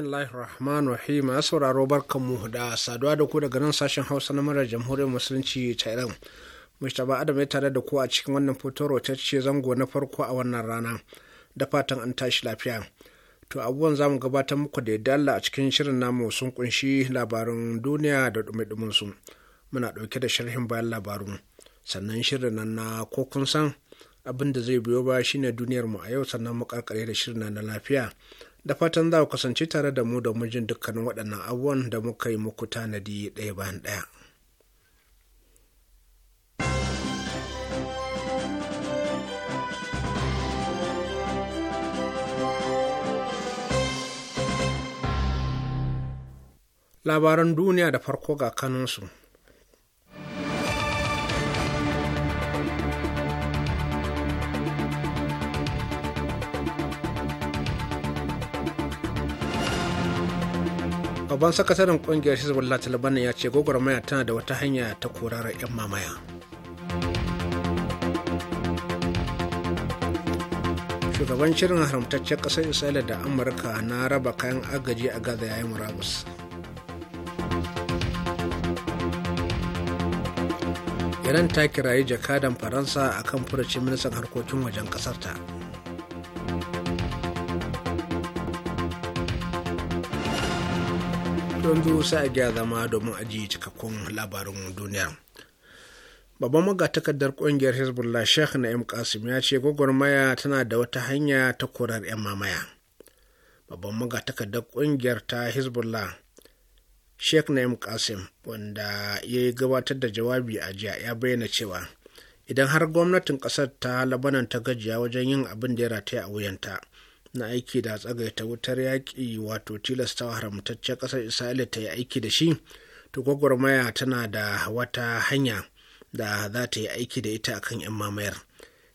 bismillahir rahman rahim a sauraro mu da saduwa da ku daga nan sashen hausa na marar jamhuriyar musulunci ta iran mustapha adam ya tare da ku a cikin wannan foto rotacce ce zango na farko a wannan rana da fatan an tashi lafiya to abubuwan zamu gabatar muku da yadda Allah a cikin shirin namu sun kunshi labarin duniya da dumi su muna dauke da sharhin bayan labarun sannan shirin nan na ko kun san abin da zai biyo ba shine duniyarmu a yau sannan mu karkare da shirin na lafiya da fatan za ku kasance tare da mu domin jin dukkanin waɗannan abubuwan da muka yi muku tanadi ɗaya bayan ɗaya. Labaran duniya da farko ga kanunsu. babban sakataren kungiyar hezbollah ta Labanin ya ce gwagwarmaya tana da wata hanya ta korar 'yan mamaya shugaban shirin haramtaccen ƙasar isra'ila da amurka na raba kayan agaji a gaza yayin murabus iran ta kirayi jakadan faransa akan furucin ministan harkokin wajen ƙasarta. ta yanzu sai a gya zama domin ajiye cikakkun labarin duniya. Babban magatakardar kungiyar Hezbollah Sheikh Na'im Qasim ya ce gwagwarmaya tana da wata hanya ta korar 'yan mamaya. Babban magatakardar kungiyar ta Hezbollah Sheikh Na'im Qasim wanda ya yi gabatar da jawabi a jiya ya bayyana cewa idan har gwamnatin ƙasar ta Labanan ta gajiya wajen yin abin da ya rataya a wuyanta. na aiki da tsagaita wutar yaƙi wato tilastawa haramtaccen ƙasar isra'ila ta yi aiki da shi to gwagwarmaya tana da wata hanya da za ta yi aiki da ita akan 'yan mamayar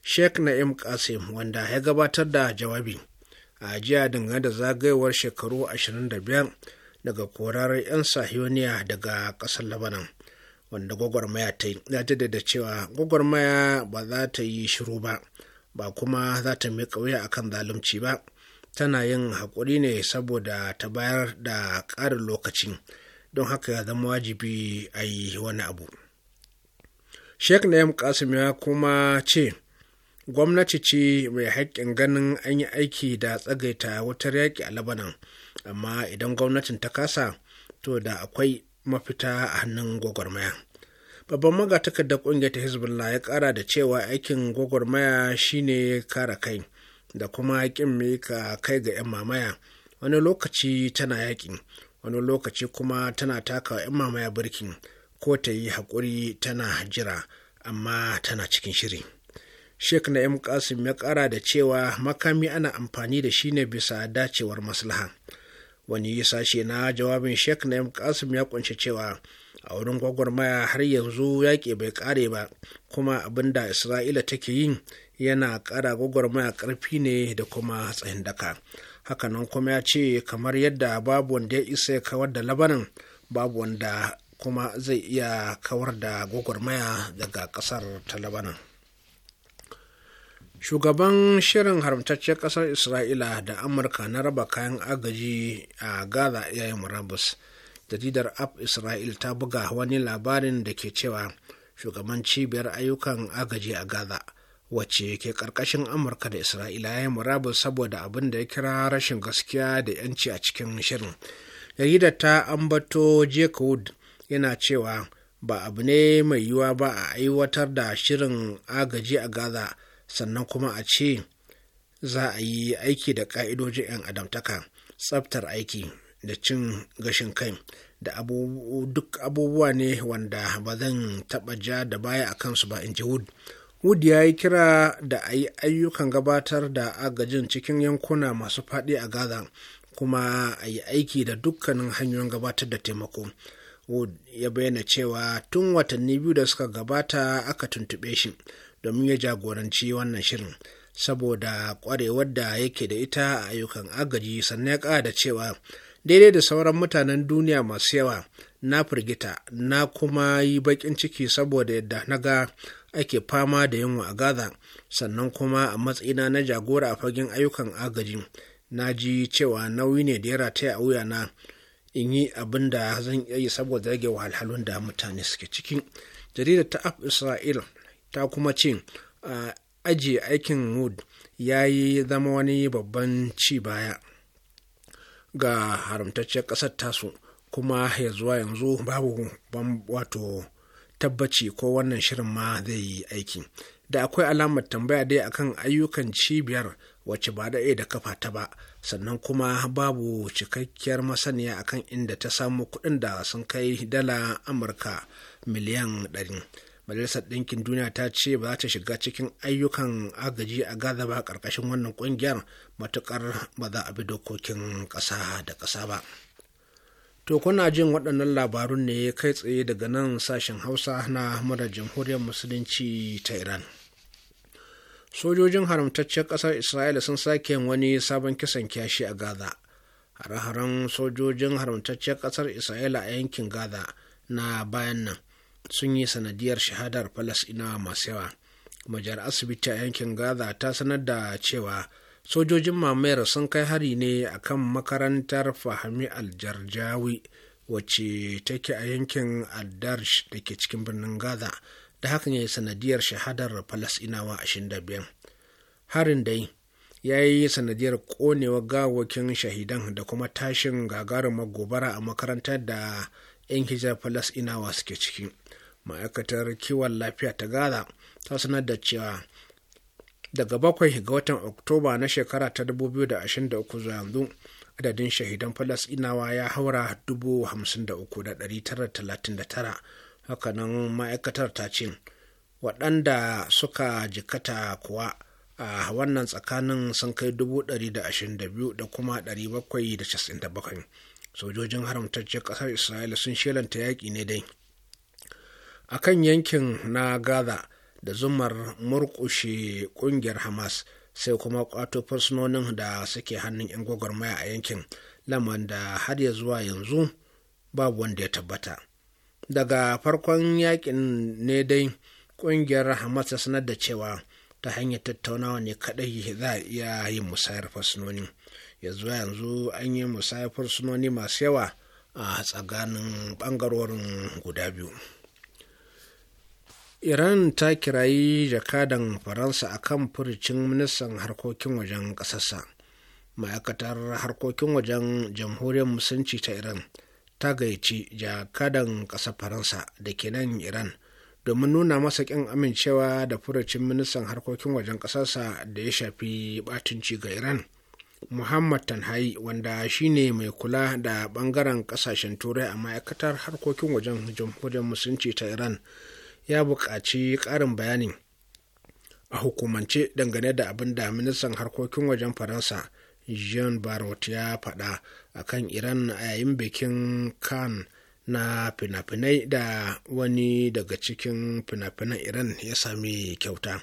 sheikh na'im qasim wanda ya gabatar da jawabi a jiya dangane da zagayowar shekaru 25 daga korar 'yan sahiyoniya daga ƙasar labanan wanda gwagwarmaya ta yi da jaddada cewa gwagwarmaya ba za ta yi shiru ba ba kuma za ta ƙauya a kan zalunci ba tana yin haƙuri ne saboda ta bayar da ƙarin lokacin don haka ya zama wajibi a yi wani abu sheikh na kasim ya kuma ce gwamnati ce mai haƙƙin ganin an yi aiki da tsagaita wutar yaƙi a labanan amma idan gwamnatin ta kasa to da akwai mafita a hannun gwagwarmaya babban magatakardar ƙungiyar ta hezbollah ya ƙara da cewa aikin gwagwarmaya shine kara kai da kuma ƙin mika kai ga 'yan mamaya wani lokaci tana yaƙi wani lokaci kuma tana taka 'yan mamaya birkin ko ta yi haƙuri tana jira amma tana cikin shiri na 'Yan kasim ya ƙara da cewa makami ana amfani da shi ne bisa dacewar maslaha wani sashe na jawabin na 'Yan kasim ya kunshi cewa a wurin gwagwarmaya har yanzu yaƙi bai ƙare ba kuma abin da isra'ila take yin yana ƙara gwagwarmaya ƙarfi ne da kuma tsayin daka hakanan kuma ya ce kamar yadda babu wanda ya isa ya kawar da labanan babu wanda kuma zai iya kawar da gwagwarmaya daga ƙasar ta labanan shugaban shirin haramtaccen ƙasar isra'ila da amurka na raba kayan agaji a gaza yayin murabus murabus jaridar ap isra'il ta buga wani labarin da ke cewa shugaban cibiyar ayyukan agaji a gaza wacce ke karkashin amurka da isra'ila ya yi murabus saboda abin da ya kira rashin gaskiya da yanci a cikin shirin jaridar ta ambato jake wood yana cewa ba abu ne mai yiwuwa ba a aiwatar da shirin agaji a gaza sannan kuma a ce za a yi aiki da ƙa'idojin 'yan adamtaka tsabtar aiki da cin gashin kai da duk abubuwa ne wanda ba zan taɓa ja da baya a kansu ba in ji wood wood ya yi kira da a yi ayyukan gabatar da agajin cikin yankuna masu faɗi a gaza kuma a yi aiki da dukkanin hanyoyin gabatar da taimako wood ya bayyana cewa tun watanni biyu da suka gabata aka tuntuɓe shi domin ya jagoranci wannan shirin saboda kwarewar da yake da ita a ayyukan agaji sannan ya da cewa daidai da sauran mutanen duniya masu yawa na firgita na kuma yi baƙin ciki saboda yadda na ga ake fama da yunwa a gaza sannan kuma a matsayina na jagora a fagen ayyukan agaji na ji cewa nauyi ne da ya rataya a wuyana in yi abin da zan iya yi saboda rage wahalhalun da mutane suke ciki jaridar ta af isra'il ta kuma ce a ajiye aikin wood ya yi zama wani babban ci baya ga haramtacciyar ƙasar tasu kuma ya zuwa yanzu babu wato tabbaci ko wannan shirin ma zai yi aiki da akwai alamar tambaya dai akan ayyukan cibiyar wacce ba da da kafa ta ba sannan kuma babu cikakkiyar masaniya akan inda ta samu kuɗin da sun kai dala amurka miliyan ɗari. majalisar ɗinkin duniya ta ce ba za ta shiga cikin ayyukan agaji a gaza ba ƙarƙashin wannan ƙungiyar matuƙar ba za a bi dokokin ƙasa da ƙasa ba to kuna jin waɗannan labarun ne kai tsaye daga nan sashen hausa na murar jamhuriyar musulunci ta iran sojojin haramtacciyar ƙasar isra'ila sun sake wani sabon kisan kyashi a gaza hare-haren sojojin haramtacciyar ƙasar isra'ila a yankin gaza na bayan nan sun yi sanadiyar shahadar falas'inawa masu yawa majiyar asibiti a yankin gaza ta sanar da cewa sojojin mamayar sun kai hari ne a kan makarantar fahami aljarjawi wacce take a yankin Adarsh da ke cikin birnin gaza da hakan ya yi sanadiyar shahadar falasinawa 25 harin dai ya yi sanadiyar konewa gawakin shahidan da kuma tashin gagarumar gobara a makarantar da 'yan hijar falasinawa suke ciki ma'aikatar kiwon lafiya ta gaza ta sanar da cewa daga bakwai ga watan oktoba na shekara ta 2023 zuwa yanzu adadin shahidan falasinawa ya haura 53,939 hakanan ma'aikatar ta ce waɗanda suka jikata kuwa a wannan tsakanin sun kai 122 da kuma 797 sojojin haramtaccen ƙasar isra'ila sun shelanta yaƙi ne dai a kan yankin na gaza da zumar murkushe kungiyar hamas sai kuma kwato fursunonin da suke hannun 'yan gwagwarmaya a yankin laman da har ya zuwa yanzu babu wanda ya tabbata daga farkon yakin ne dai kungiyar hamas ta sanar da cewa ta hanyar tattaunawa ne kadai za a iya yin musayar fursunoni yanzu yanzu an yi musayar fursunoni masu yawa a tsakanin bangarorin guda biyu iran ta kirayi jakadan faransa a kan furucin ministan harkokin wajen ƙasarsa ma'aikatar harkokin wajen jamhuriyar musulunci ta iran ta gayyaci jakadan ƙasar faransa da ke nan iran domin nuna masa ƙin amincewa da furucin ministan harkokin wajen ƙasarsa da ya shafi batunci ga iran muhammad tanhai wanda shine mai kula da ɓangaren ƙasashen turai a ma'aikatar harkokin wajen jamhuriyar musulunci ta iran ya buƙaci ƙarin bayani a hukumance dangane da abin da ministan harkokin wajen faransa jean barot ya faɗa a kan iran a yayin bikin kan na fina-finai da wani daga cikin fina-finan iran ya sami kyauta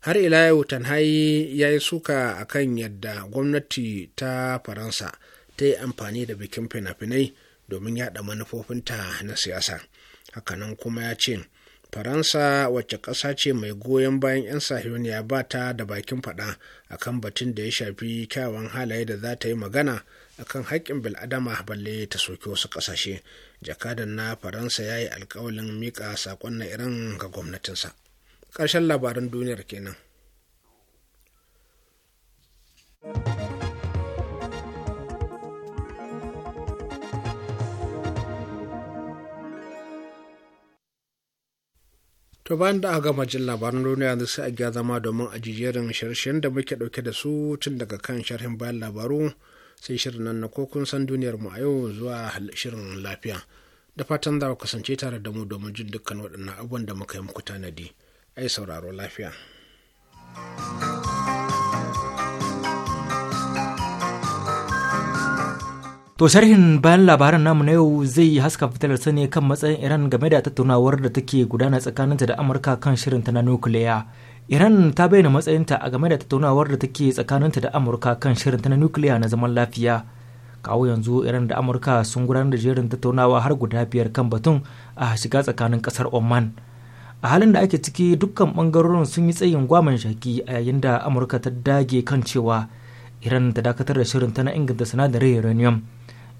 har ila yau tanhayi ya yi suka a kan yadda gwamnati ta faransa ta yi amfani da bikin fina-finai domin yaɗa manufofinta na siyasa hakanan kuma ya ce faransa wacce ƙasa ce mai goyon bayan 'yan sahiyoniya ba ta da bakin faɗa kan batun da ya shafi kyawawan halaye da za ta yi magana a kan haƙƙin bil'adama balle ta soki wasu ƙasashe jakadan na faransa ya yi alkawalin miƙa saƙon na iran ga gwamnatinsa ƙarshen labaran duniyar kenan. to bayan da aka gama jin labaran duniya yanzu sai a gya zama domin a jijerin shirye da muke dauke da su tun daga kan sharhin bayan labaru sai shirin nan na ko san duniyar mu a yau zuwa shirin lafiya da fatan za ku kasance tare da mu domin jin dukkan waɗannan abubuwan da muka yi muku tanadi ai sauraro lafiya. thank you To sharhin bayan labaran namu na yau zai haska fitilar sani kan matsayin Iran game da tattaunawar da take gudana tsakaninta da Amurka kan shirinta na nukiliya. Iran ta bayyana matsayinta a game da tattaunawar da take tsakaninta da Amurka kan shirinta na nukiliya na zaman lafiya. Kawo yanzu Iran da Amurka sun gudanar da jerin tattaunawa har guda biyar kan batun a shiga tsakanin kasar Oman. A halin da ake ciki dukkan bangarorin sun yi tsayin gwaman shaki a yayin da Amurka ta dage kan cewa Iran ta dakatar da shirinta na inganta sinadarin uranium.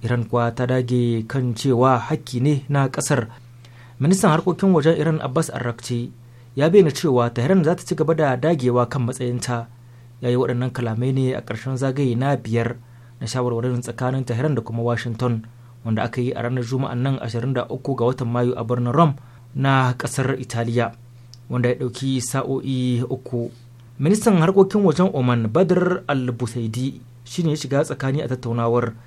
iran kuwa ta dage kan cewa hakki ne na ƙasar. ministan harkokin wajen iran abbas arrakci ya bayyana cewa tehran za ta ci gaba da dagewa kan matsayinta ya yi waɗannan kalamai ne a ƙarshen zagaye na biyar na shawarwarin tsakanin tehran da kuma washington wanda aka yi a ranar juma'an nan 23 ga watan mayu a birnin rome na ƙasar italiya wanda ya ɗauki sa'o'i uku ministan harkokin wajen oman badr al-busaidi shine ya shiga tsakani a tattaunawar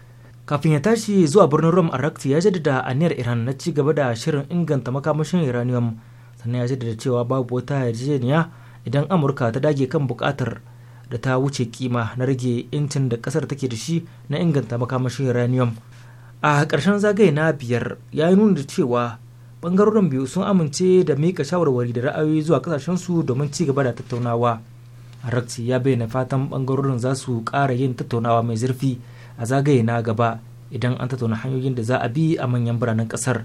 kafin ya tashi zuwa birnin rome rakti ya jaddada aniyar iran na ci gaba da shirin inganta makamashin iranium sannan ya jaddada cewa babu wata yarjejeniya idan amurka ta dage kan bukatar da ta wuce kima na rage incin da kasar take da shi na inganta makamashin iranium a karshen zagaye na biyar ya yi nuna da cewa bangarorin biyu sun amince da mika shawarwari da ra'ayoyi zuwa kasashen su domin ci gaba da tattaunawa rakti ya bayyana fatan bangarorin za su ƙara yin tattaunawa mai zurfi a zagaye na gaba idan an tattauna hanyoyin da za a bi a manyan biranen kasar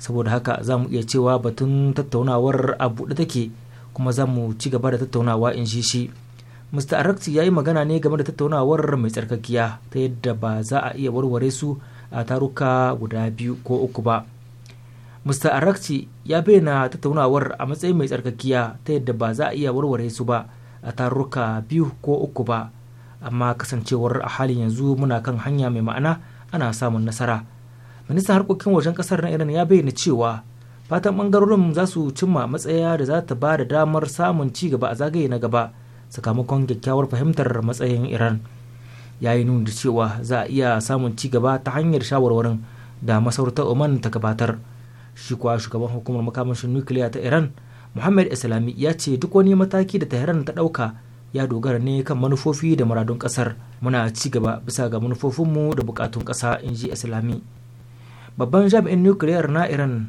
saboda haka za mu iya cewa batun tattaunawar a buɗe take kuma za mu ci gaba da tattaunawa in shi shi mr arakti ya yi magana ne game da tattaunawar mai tsarkakiya ta yadda ba za a iya warware su a taruka guda biyu ko uku ba mr arakti ya bayyana tattaunawar a matsayin mai tsarkakiya ta yadda ba za a iya warware su ba a taruka biyu ko uku ba amma kasancewar a halin yanzu muna kan hanya mai ma'ana ana samun nasara ministan harkokin wajen kasar na iran ya bayyana cewa fatan bangarorin za su cimma matsaya da za ta ba da damar samun ci gaba a zagaye na gaba sakamakon kyakkyawar fahimtar matsayin iran ya yi nuna cewa za a iya samun ci gaba ta hanyar shawarwarin da masarautar oman ta gabatar shi kuwa shugaban hukumar makamashin nukiliya ta iran muhammad islami ya ce duk wani mataki da tehran ta ɗauka ya dogara ne kan manufofi da muradun kasar muna ci gaba bisa ga manufofinmu da bukatun kasa in ji islami babban jami'in nukiliyar na iran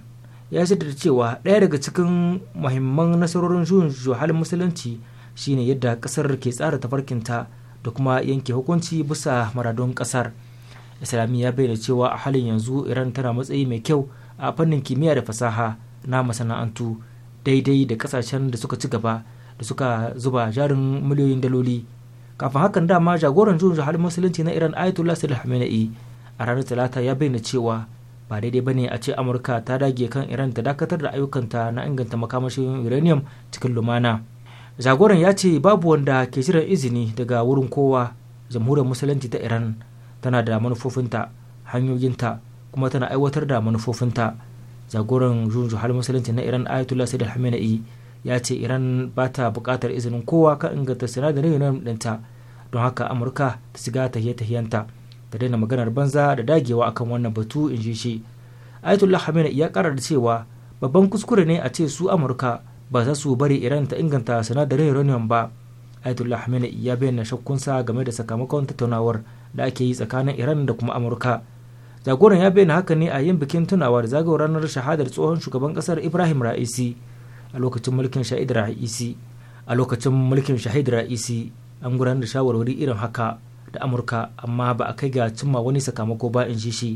ya shaidar cewa ɗaya daga cikin muhimman nasarorin juyin juhalin musulunci shine yadda kasar ke tsara tafarkinta da kuma yanke hukunci bisa maradun kasar islami ya bayyana cewa a halin yanzu iran tana matsayi mai kyau a fannin kimiyya da fasaha na masana'antu daidai da kasashen da suka ci gaba da suka zuba jarin miliyoyin daloli kafin hakan dama jagoran juyin halin musulunci na iran ayatollah sayyid hamenei a ranar talata ya bayyana cewa ba daidai ne a ce amurka ta dage kan iran ta dakatar da ayyukanta na inganta makamashin uranium cikin lumana jagoran ya ce babu wanda ke jiran izini daga wurin kowa jamhuriyar musulunci ta iran tana da manufofinta hanyoyinta kuma tana aiwatar da manufofinta jagoran juyin musulunci na iran ayatollah sayyid hamenei ya ce iran ba ta buƙatar izinin kowa ka inganta sinadarin yanayin ɗinta don haka amurka ta shiga tahiye-tahiyenta ta daina maganar banza da dagewa akan wannan batu in ji shi ayatollah hamina ya karar da cewa babban kuskure ne a ce su amurka ba za su bari iran ta inganta sinadarin uranium ba ayatollah hamina ya bayyana shakkunsa game da sakamakon tattaunawar da ake yi tsakanin iran da kuma amurka jagoran ya bayyana haka ne a yin bikin tunawa da zagawar ranar shahadar tsohon shugaban kasar ibrahim ra'isi a lokacin mulkin shahid ra'isi a lokacin mulkin shahid ra'isi an gudanar da shawarwari irin haka da amurka amma ba a kai ga cimma wani sakamako ba in shi shi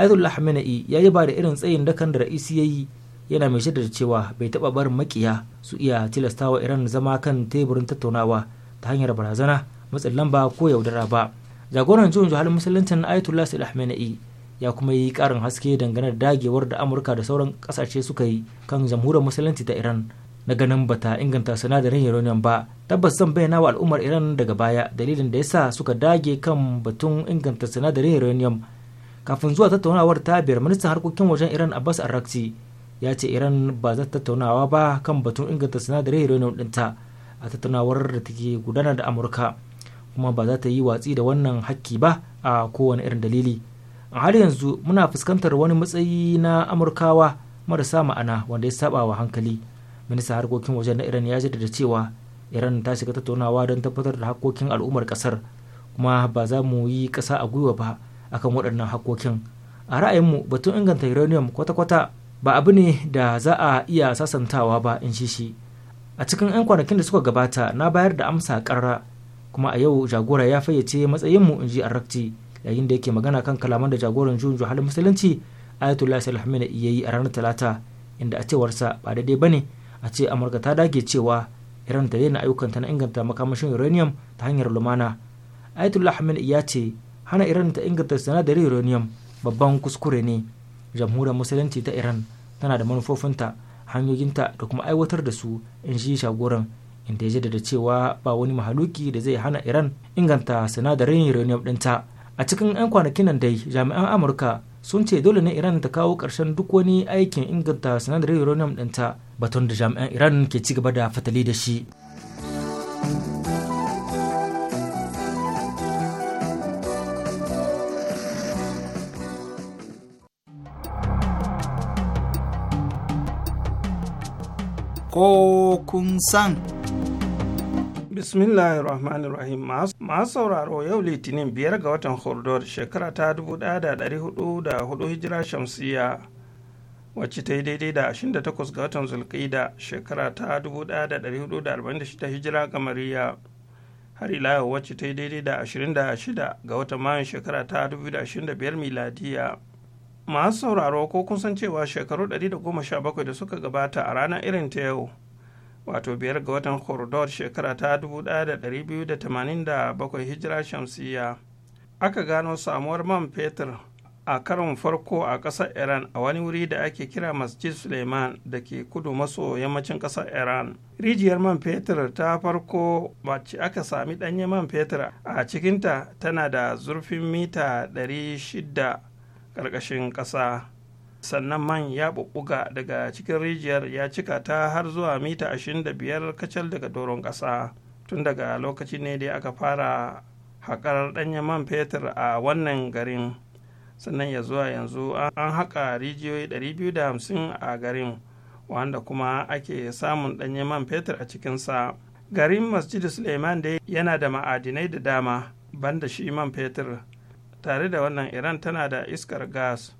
ayatollah khamenei ya yi ba da irin tsayin dakan da ra'isi ya yi yana mai shaidar cewa bai taba barin makiya su iya tilastawa iran zama kan teburin tattaunawa ta hanyar barazana matsin lamba ko yaudara ba jagoran juyin juhalin musuluncin ayatollah sa'id khamenei ya kuma yi karin haske dangane da dagewar da amurka da sauran kasashe suka yi kan jamhuriyar musulunci ta iran na ganin bata inganta sinadarin uranium ba tabbas zan bayyana wa al'ummar iran daga baya dalilin da yasa suka dage kan batun inganta sinadarin uranium kafin zuwa tattaunawar ta biyar ministan harkokin wajen iran abbas arrakci ya ce iran ba za ta tattaunawa ba kan batun inganta sinadarin uranium dinta a tattaunawar da take gudana da amurka kuma ba za ta yi watsi da wannan hakki ba a kowane irin dalili a har yanzu muna fuskantar wani matsayi na amurkawa marasa ma'ana wanda ya saba wa hankali minista harkokin wajen na iran ya jaddada cewa iran ta shiga tattaunawa don tabbatar da hakkokin al'ummar kasar kuma ba za mu yi ƙasa a gwiwa ba akan waɗannan hakkokin a ra'ayinmu batun inganta uranium kwata-kwata ba abu ne da za a iya sasantawa ba in shi shi a cikin 'yan kwanakin da suka gabata na bayar da amsa karra kuma a yau jagora ya fayyace matsayinmu in ji arakti yayin da yake magana kan kalaman da jagoran juyin halin musulunci ayatollah sayyid hamina iya yi a ranar talata inda a cewarsa ba daidai ba ne a ce amurka ta dage cewa iran ta daina ayyukanta na inganta makamashin uranium ta hanyar lumana ayatollah hamina ya ce hana iran ta inganta sinadarin uranium babban kuskure ne jamhuriyar musulunci ta iran tana da manufofinta hanyoyinta da kuma aiwatar da su in shi shagoran inda ya jaddada cewa ba wani mahaluki da zai hana iran inganta sinadarin uranium ɗinta a cikin 'yan kwanakin nan dai jami'an amurka sun ce dole ne iran ta kawo ƙarshen duk wani aikin inganta sinadarin uranium ɗinta batun da jami'an iran ke ci gaba da fatali da shi ko kun san Bismillahirrahmanirrahim. Rahmanir Rahim masu sauraro yau litinin biyar ga watan Hordor shekara ta 1404 hijira shamsiya wacce ta yi daidai da 28 ga watan Zulqida shekara ta 1446 hijira kamariya har ila yau wacce ta yi daidai da 26 ga watan Mayun shekara ta 2025 miladiya. Masu sauraro ko kun san cewa shekaru 117 da suka gabata a ranar irin ta yau. wato biyar ga watan hordor shekara ta 1287 hijira shamsiya aka gano samuwar man fetur a karon farko a ƙasar iran a wani wuri da ake kira masjid suleiman da ke kudu maso yammacin ƙasar iran rijiyar man fetur ta farko mace aka sami ɗanye man fetur a cikinta tana da zurfin mita 600 ƙarƙashin ƙasa sannan man ya bubbuga daga cikin rijiyar ya cika ta har zuwa mita 25 kacal daga doron ƙasa tun daga lokaci ne dai aka fara haƙar ɗanyen man fetur a wannan garin sannan ya zuwa yanzu an haƙa rijiyoyi 250 a garin wanda kuma ake samun ɗanyen man fetur a cikinsa garin masjid suleiman dai yana da ma'adinai da dama banda shi man fetur tare da wannan iran tana da iskar gas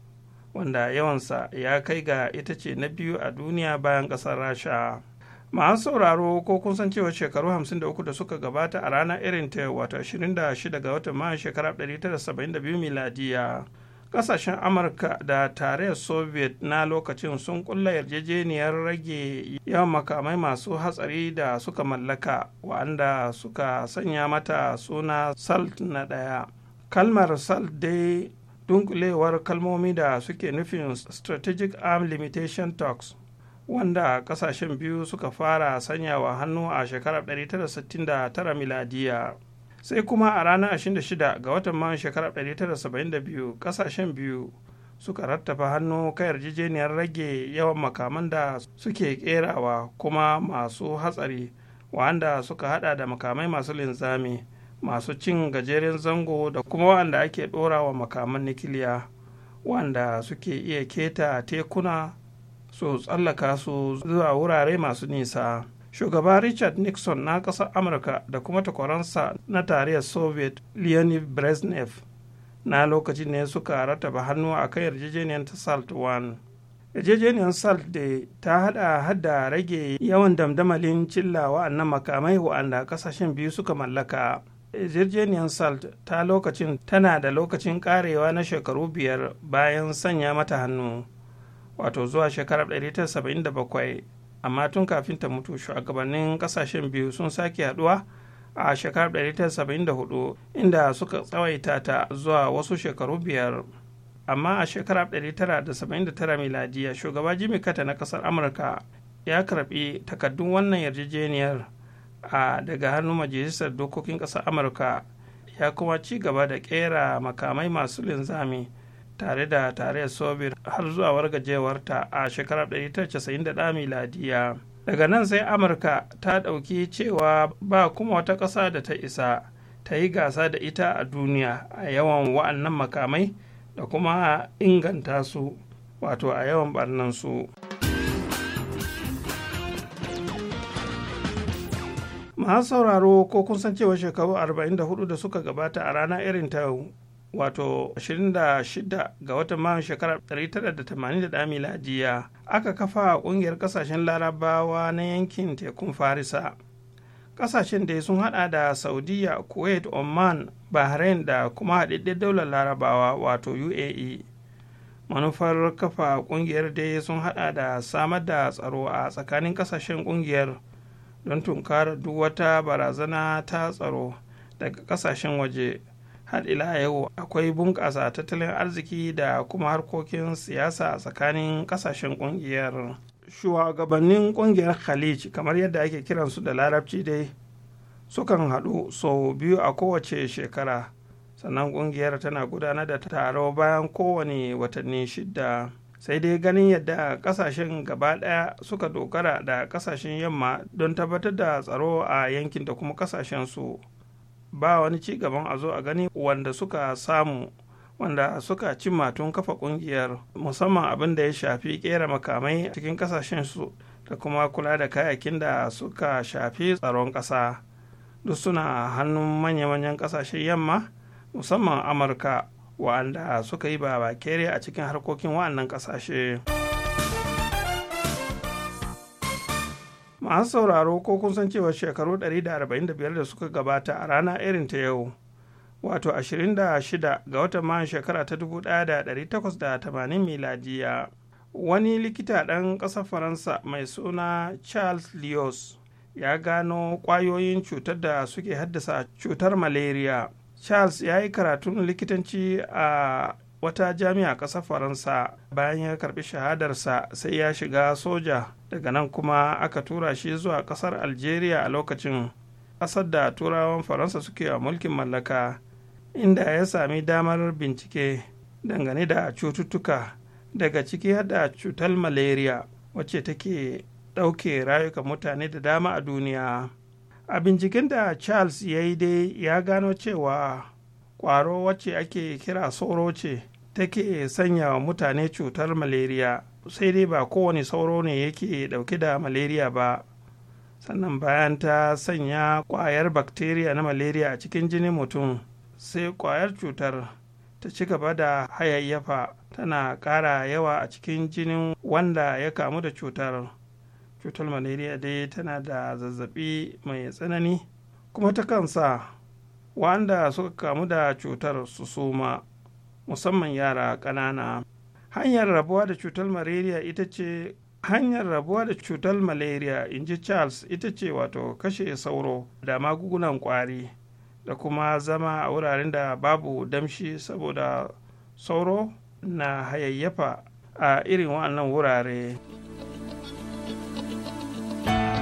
wanda yawansa ya kai ga ita ce na biyu a duniya bayan ƙasar rasha an sauraro ko kun san cewa shekaru 53 da suka gabata a ranar irin ta wato 26 ga watan mayan shekara 1972 miladiya kasashen amurka da tarayyar soviet na lokacin sun kulla yarjejeniyar rage yawan makamai masu hatsari da suka mallaka wa'anda suka sanya mata suna salt na daya kalmar salt dai dunkulewar kalmomi da suke nufin strategic arm limitation talks wanda kasashen biyu suka fara sanyawa hannu a shekarar 1969 miladiya sai kuma a ranar 26 ga watan man shekarar 1972 kasashen biyu suka rattafa hannu kan yarjejeniyar rage yawan makaman da suke kerawa kuma masu hatsari wanda suka hada da makamai masu linzami masu cin gajeren zango da kuma wanda ake ɗora wa makaman nikiliya wanda suke iya keta tekuna su tsallaka su zuwa wurare masu nisa shugaba richard nixon na ƙasar amurka da kuma takwaransa na tarayyar soviet leonid brezhnev na lokaci ne suka rattaba hannu a kan yarjejeniyar ta salt 1 yarjejeniyar salt da ta hada hada rage yawan damdamalin cilla na makamai wa'anda kasashen biyu suka mallaka yarjejeniyar salt ta lokacin tana da lokacin karewa na shekaru biyar bayan sanya mata hannu wato zuwa shekarar 1977 amma tun kafin ta mutu shugabannin kasashen biyu sun sake haduwa a shekarar 1974 inda suka tsawaita ta zuwa wasu shekaru biyar amma a shekarar 1979 miladiya shugaba jimmy carter na kasar amurka ya karbi takaddun wannan yarjejeniyar a daga hannun majalisar dokokin ƙasar amurka ya kuma ci gaba da ƙera makamai masu linzami tare da tarayyar soviet har zuwa wargajewarta a shekarar 1991 miladiya daga nan sai amurka ta ɗauki cewa ba kuma wata ƙasa da ta isa ta yi gasa da ita a duniya a yawan wa'annan makamai da kuma inganta su wato a yawan barnan su masu sauraro ko kun san cewa shekaru 44 da suka gabata a rana irin ta wato 26 ga watan mayun shekarar 1981 miladiya aka kafa kungiyar kasashen larabawa na yankin tekun farisa kasashen da sun hada da saudiya kuwait oman bahrain da kuma haɗaɗɗen daular larabawa wato uae manufar kafa kungiyar dai sun hada da samar da tsaro a tsakanin kasashen kungiyar don tunkar duk wata barazana ta tsaro daga kasashen waje har ila yau akwai bunƙasa tattalin arziki da kuma harkokin siyasa a tsakanin kasashen ƙungiyar shugabannin ƙungiyar khalij kamar yadda ake kiransu da larabci dai sukan haɗu sau biyu a kowace shekara sannan ƙungiyar tana gudanar da taro bayan kowane watanni shidda sai dai ganin yadda kasashen gaba ɗaya suka dogara da kasashen yamma don tabbatar da tsaro a yankin da kuma kasashen su ba wani ci gaban a zo a gani wanda suka samu wanda suka ci matun kafa kungiyar musamman abin da ya shafi kera makamai cikin kasashen su da kuma kula da kayakin da suka shafi tsaron ƙasa duk suna hannun manya-manyan kasashen yamma musamman amurka wa'anda suka yi ba kere a cikin harkokin wa'annan ƙasashe. masu sauraro ko kun san cewa shekaru 145 da suka gabata a rana irin ta yau wato 26 ga watan mayan shekara ta 1880 miladiya wani likita ɗan ƙasar faransa mai suna charles lios ya gano ƙwayoyin cutar da suke haddasa cutar malaria charles ya yi karatun likitanci a wata jami'a ƙasar faransa bayan ya karbi shahadarsa sai ya shiga soja daga nan kuma aka tura shi zuwa ƙasar algeria a lokacin ƙasar da turawan faransa suke a mulkin mallaka inda ya sami damar bincike dangane da cututtuka daga ciki hada cutar malaria wacce take ɗauke rayuka mutane da dama a duniya a binciken da charles ya yi dai ya gano cewa kwaro wacce ake kira sauro ce take sanya wa mutane cutar malaria sai dai ba kowane sauro ne yake dauke da malaria ba sannan bayan ta sanya kwayar bakteriya na malaria a cikin jinin mutum sai kwayar cutar ta ci gaba da hayayyafa tana ƙara yawa a cikin jinin wanda ya kamu da cutar cutar malaria dai tana da zazzabi mai tsanani kuma ta kansa wanda suka kamu da cutar su suma musamman yara ƙanana hanyar rabuwa da cutar malaria ita ce hanyar rabuwa da cutar malaria in ji charles ita ce wato kashe sauro da magungunan kwari da kuma zama a wuraren da babu damshi saboda sauro na hayayyafa a irin waɗannan wurare. Bye.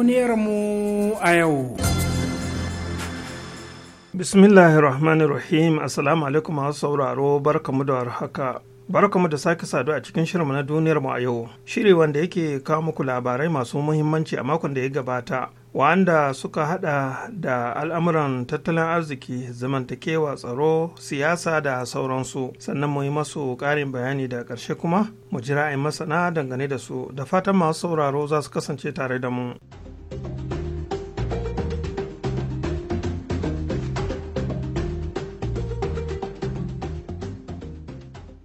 duniyarmu a yau. Bismillahirrahmanirrahim Assalamu alaikum masu sauraro barkamu da haka. Barkamu da sake sadu a cikin shirinmu na mu a yau. Shiri wanda yake kawo muku labarai masu muhimmanci a makon da ya gabata. Wanda suka hada da al'amuran tattalin arziki, zamantakewa, tsaro, siyasa da sauransu. Sannan mu yi masu ƙarin bayani da ƙarshe kuma mu jira masana dangane da su da fatan masu sauraro za su kasance tare da mu.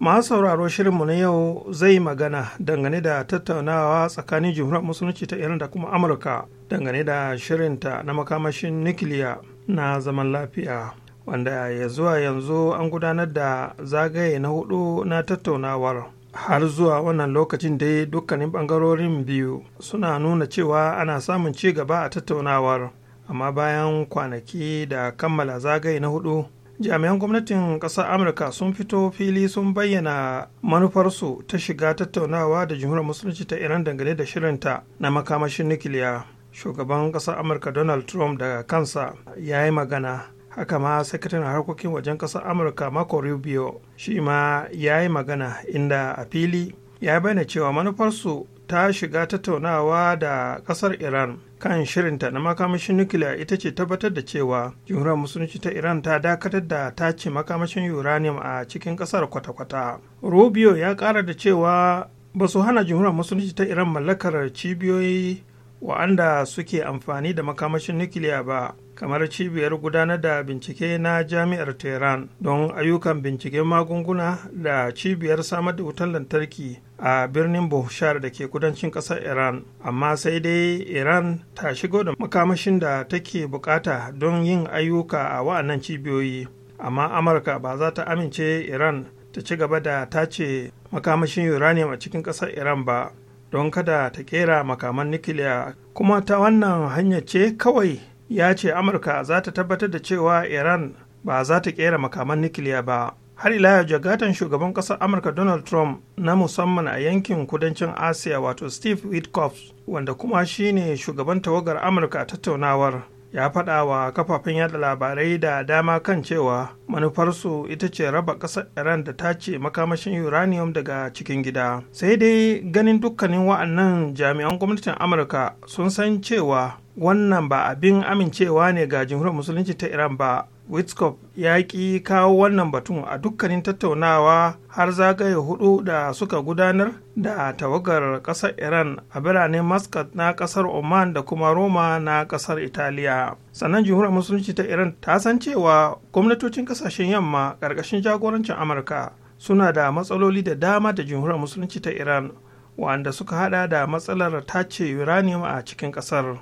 masu sauraro shirinmu na yau zai magana dangane da tattaunawa tsakanin jumhuriyar musulunci ta iran da kuma amurka dangane da shirinta na makamashin nukiliya na zaman lafiya wanda ya zuwa yanzu an gudanar da zagaye na hudu na tattaunawar har zuwa wannan lokacin dai dukkanin bangarorin biyu suna nuna cewa ana samun ci gaba a tattaunawar amma bayan kwanaki da kammala zagaye na hudu jami'an gwamnatin ƙasar amurka sun fito fili sun bayyana manufarsu ta shiga tattaunawa da jumhuriyar musulunci ta iran dangane da shirinta na makamashin nukiliya shugaban ƙasar amurka donald trump daga kansa ya yi magana haka ma sakataren harkokin wajen ƙasar amurka marco rubio shi ma ya yi magana inda a fili ya bayyana cewa manufarsu ta shiga tattaunawa da kasar iran kan shirinta na makamashin nukiliya ita ce tabbatar da cewa jumhuriyar musulunci ta iran ta dakatar da tace makamashin uranium a cikin kasar kwata-kwata rubio ya kara da cewa ba su hana jumhuriyar musulunci ta iran mallakar cibiyoyi wa'anda suke amfani da makamashin nukiliya ba kamar cibiyar gudanar da bincike na jami'ar tehran don ayyukan binciken magunguna da cibiyar samar da wutar lantarki a birnin bohushar da ke kudancin ƙasar iran amma sai dai iran ta shigo da makamashin da take bukata don yin ayyuka a wa'annan cibiyoyi amma amurka ba za ta amince iran ta ci gaba da tace makamashin uranium a cikin ƙasar iran ba don kada ta kera makaman nukiliya kuma ta wannan hanya ce kawai ya ce amurka za ta tabbatar da cewa iran ba za ta kera makaman nukiliya ba har ila yau jagatan shugaban kasar amurka donald trump na musamman a yankin kudancin asiya wato steve witkoff wanda kuma shine shugaban tawagar amurka a tattaunawar ya faɗa wa kafafen yada labarai da dama kan cewa manufarsu ita ce raba ƙasar iran da ta ce makamashin uranium daga cikin gida sai dai ganin dukkanin wa'annan jami'an gwamnatin amurka sun san cewa wannan ba abin amincewa ne ga jamhuriyar musulunci ta iran ba Witskop ya ƙi kawo wannan batun a dukkanin tattaunawa har zagaye hudu da suka gudanar da tawagar ƙasar Iran a biranen Muscat na ƙasar Oman da kuma Roma na ƙasar Italiya. Sannan jihura musulunci ta Iran ta san cewa gwamnatocin ƙasashen yamma ƙarƙashin jagorancin Amurka suna da matsaloli da dama da jihura musulunci ta Iran wanda suka hada da matsalar tace uranium a cikin ƙasar.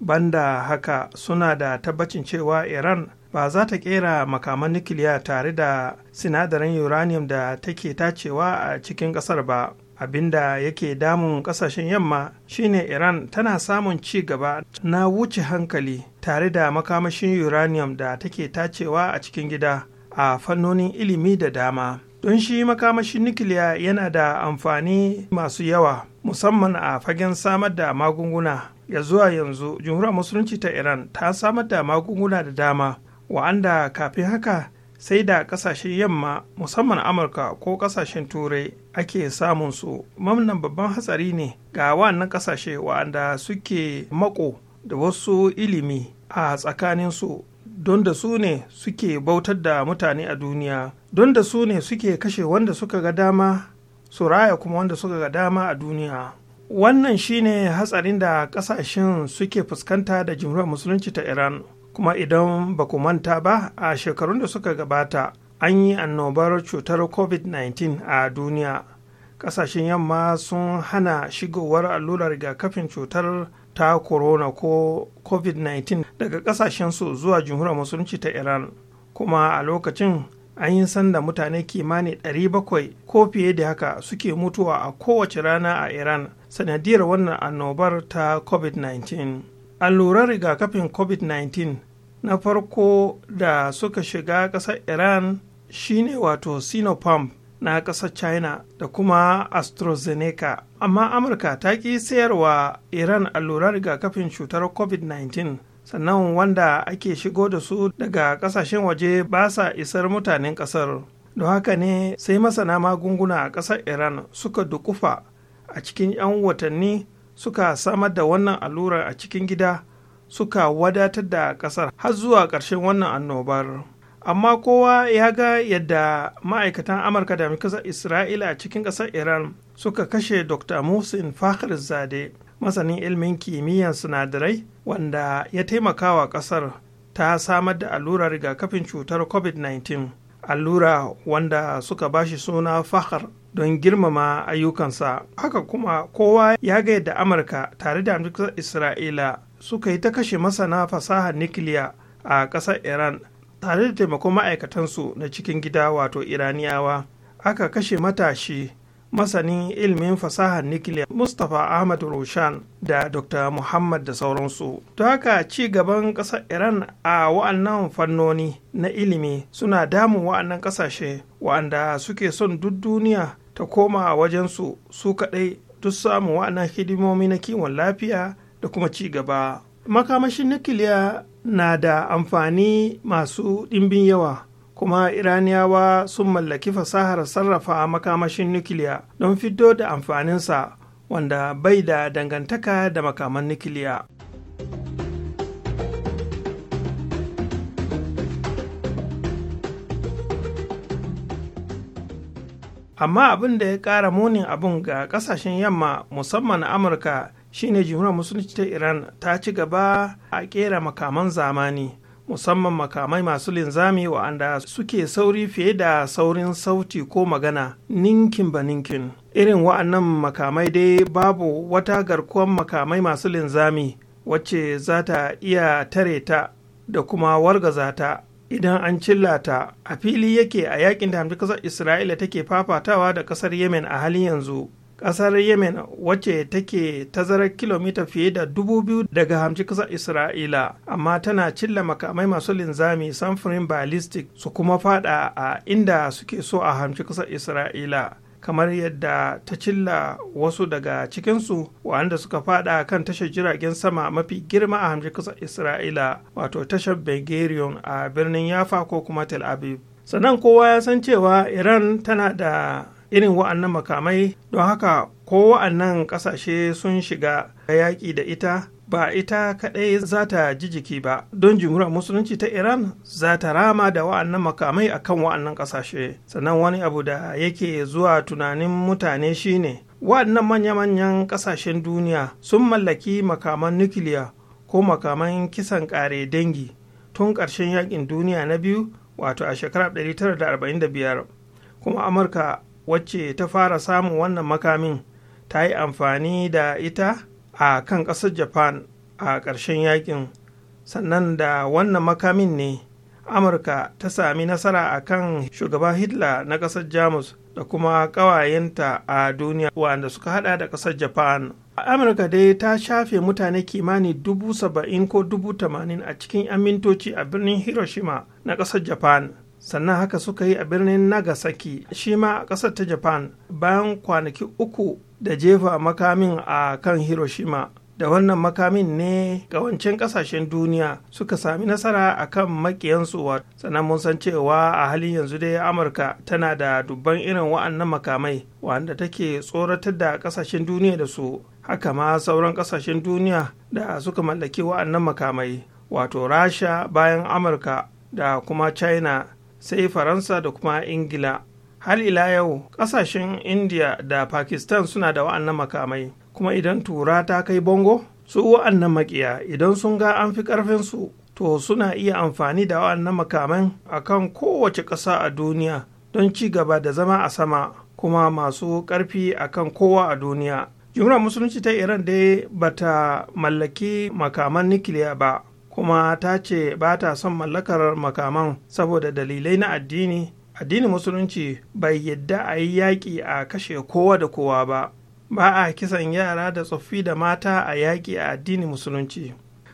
Banda haka suna da tabbacin cewa Iran ba za ta kera makaman nukiliya tare da sinadarin uranium da take tacewa a cikin kasar ba abinda yake damun kasashen yamma shine iran tana samun ci gaba na wuce hankali tare da makamashin uranium da take tacewa a cikin gida a fannonin ilimi da dama don shi makamashin nukiliya yana da amfani masu yawa musamman a fagen samar da magunguna ya zuwa yanzu jumhuriyar musulunci ta iran ta samar da magunguna da dama wa'anda kafin haka sai da kasashen yamma musamman amurka ko kasashen turai ake samun su mamnan babban hatsari ne ga wannan kasashe wa'anda suke mako da wasu ilimi a tsakaninsu don da su ne suke bautar da mutane a duniya don da su ne suke kashe wanda suka ga dama su raya kuma wanda suka ga dama a duniya wannan shine hatsarin da kasashen suke fuskanta da jimhuriyar musulunci ta iran kuma idan ba ku manta ba a shekarun da suka gabata an yi annobar cutar covid-19 a duniya Ƙasashen yamma sun hana shigowar allurar rigakafin cutar ta corona ko covid-19 daga ƙasashensu zuwa jamhuriyar musulunci ta iran kuma a lokacin an yi sanda mutane kimani 700 ko fiye da haka suke mutuwa a kowace rana a iran sanadiyar wannan annobar ta covid-19 allurar rigakafin covid-19 na farko da suka shiga ƙasar iran shine wato sinopharm na ƙasar china da kuma astrazeneca amma amurka ta ƙi sayarwa iran allurar rigakafin cutar covid-19 sannan wanda ake shigo da su daga ƙasashen waje ba sa isar mutanen ƙasar don haka ne sai masana magunguna a ƙasar iran suka dukufa a cikin 'yan watanni suka samar da wannan allurar a cikin gida suka wadatar da ƙasar har zuwa ƙarshen wannan annobar amma kowa ya ga yadda ma'aikatan amurka da ƙasar isra'ila a cikin ƙasar iran suka kashe dr musin fahar zade masanin ilmin kimiyyar sinadarai wanda ya taimaka wa ƙasar ta samar da allurar rigakafin cutar covid-19 allura wanda suka bashi suna fahar don girmama ayyukansa haka kuma kowa ya ga yadda amurka tare da amurkar isra'ila suka yi ta kashe masana fasaha nikiliya a ƙasar iran tare da taimakon ma'aikatansu na cikin gida wato iraniyawa aka kashe matashi masanin ilimin fasaha nikiliya mustapha ahmad roshan da dr muhammad da sauransu to haka ci gaban ƙasar iran a wa'annan fannoni na ilimi suna damun wa'annan ƙasashe wa'anda suke son duk duniya ta koma wajensu su kaɗai duk samun wa'annan hidimomi na kiwon lafiya da kuma ci gaba. Makamashin nukiliya na da amfani masu ɗimbin yawa kuma Iraniyawa sun mallaki fasahar sarrafa makamashin nukiliya don fiddo da amfaninsa wanda bai da dangantaka da makaman nukiliya. amma abin da ya ƙara munin abin ga ƙasashen yamma musamman amurka shine jimhuriyar musulunci ta iran ta ci gaba a ƙera makaman zamani musamman makamai masu linzami wa'anda suke sauri fiye da saurin sauti ko magana ninkin ba ninkin irin wa'annan makamai dai babu wata garkuwar makamai masu linzami wacce za ta iya tare ta da kuma wargaza ta idan an cillata a fili yake a yakin da hamdi kasar isra'ila take fafatawa da kasar yemen a halin yanzu kasar yemen wacce take tazarar kilomita fiye da dubu biyu daga hamci kasar isra'ila amma tana cilla makamai masu linzami samfurin ballistic su kuma fada a inda suke so a hamci kasar isra'ila kamar yadda ta cilla wasu daga cikinsu waɗanda suka fada kan tashar jiragen sama mafi girma a hamshi kusa isra'ila wato tashar bengeriyon a birnin yafa ko kuma tel aviv sannan kowa ya san cewa iran tana da irin wa'annan makamai don haka ko wa'annan ƙasashe sun shiga yaƙi da ita ba ita kadai za ta jijiki ba don jimhuriyar musulunci ta iran za ta rama da wa'annan makamai a kan wa'annan ƙasashe sannan wani abu da yake zuwa tunanin mutane shine wa'annan manya-manyan ƙasashen duniya sun mallaki makaman nukiliya ko makaman kisan ƙare dangi tun ƙarshen yakin duniya na biyu wato a shekarar 1945 kuma amurka wacce ta fara samun wannan makamin ta yi amfani da ita a kan ƙasar japan a ƙarshen yakin sannan da wannan makamin ne amurka ta sami nasara a kan shugaba hitler na ƙasar jamus da kuma ƙawayenta a duniya wanda suka hada da ƙasar japan amurka dai ta shafe mutane kimani dubu saba'in ko dubu tamanin a cikin amintoci a birnin hiroshima na ƙasar japan sannan haka suka yi a birnin nagasaki shi ma a ƙasar ta japan bayan kwanaki uku da jefa makamin a kan Hiroshima. Da wannan makamin ne wancan ƙasashen duniya suka sami nasara a kan makiyansu sannan mun san cewa a halin yanzu dai Amurka tana da dubban irin wa'annan makamai wanda take tsoratar da ƙasashen duniya da su haka ma sauran ƙasashen duniya da suka mallaki wa'annan makamai wato Rasha bayan Amurka da kuma China sai Faransa da kuma Ingila. har ila yau ƙasashen india da pakistan suna da wa'annan makamai kuma idan tura ta kai bongo su wa'annan maƙiya. idan sun ga an fi ƙarfinsu to suna iya amfani da wa'annan makaman a kan kowace ƙasa a duniya don ci gaba da zama a sama kuma masu ƙarfi kan kowa a duniya jumhuriyar musulunci ta iran dai ta mallaki makaman nikiliya ba kuma ta ce ba ta son mallakar makaman saboda dalilai na addini addinin musulunci bai yadda a yi yaƙi a kashe kowa da kowa ba ba a kisan yara da tsoffi da mata a yaƙi a addinin musulunci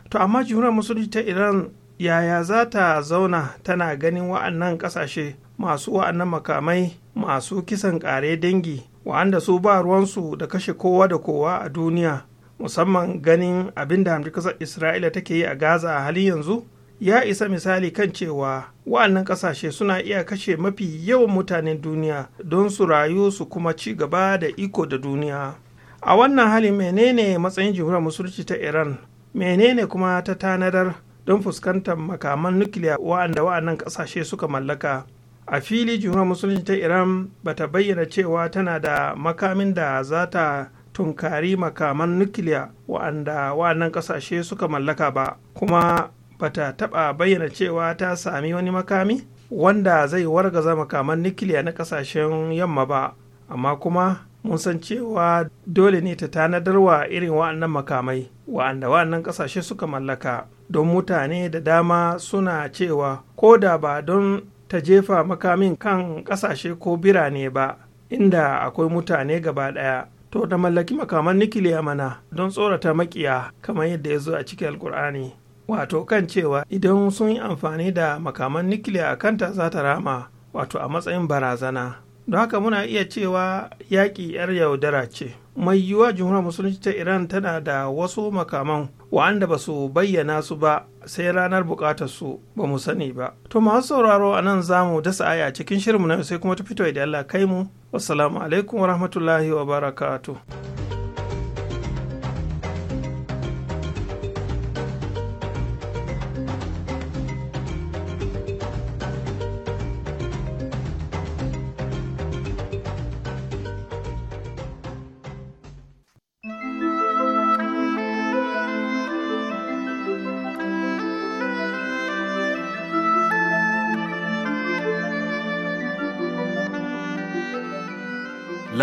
to amma jumhuriyar musulunci ta iran yaya za ta zauna tana ganin wa'annan ƙasashe masu wa'annan makamai masu kisan ƙare dangi wa'anda su ba ruwansu da kashe kowa da kowa a duniya musamman ganin abin da hamdi ƙasar isra'ila take yi a gaza a halin yanzu ya isa misali kan cewa wa'annan ƙasashe suna iya kashe mafi yawan mutanen duniya don su rayu su kuma ci gaba da iko da duniya a wannan hali menene matsayin jihuwar musulci ta iran menene kuma ta tanadar don fuskantar makaman nukiliya wa'anda wa'annan ƙasashe suka mallaka a fili jihuwar musulci ta iran bata bayyana cewa tana da makamin da za ta tunkari makaman nukiliya wa'anda wa'annan ƙasashe suka mallaka ba kuma bata taɓa bayyana cewa ta sami wani makami wanda zai wargaza makaman nikiliya na ƙasashen yamma ba amma kuma mun san cewa dole ne ta tanadar wa irin wa'annan makamai wa'anda wa'annan ƙasashe suka mallaka don mutane da dama suna cewa ko da ba don ta jefa makamin kan ƙasashe ko birane ba inda akwai mutane gaba ɗaya to ta mallaki makaman nikiliya mana don tsorata makiya kamar yadda ya zo a cikin alkur'ani wato kan cewa idan sun yi amfani da makaman nikiliya a kanta za ta rama wato a matsayin barazana don haka muna iya cewa yaƙi 'yar yaudara ce mai yiwuwa jumhuriyar musulunci ta iran tana da wasu makaman wa'anda ba su bayyana su ba sai ranar bukatar su ba mu sani ba to masu sauraro a nan za mu dasa aya cikin shirinmu na sai kuma ta fito da allah kai mu wassalamu alaikum warahmatullahi wabarakatuh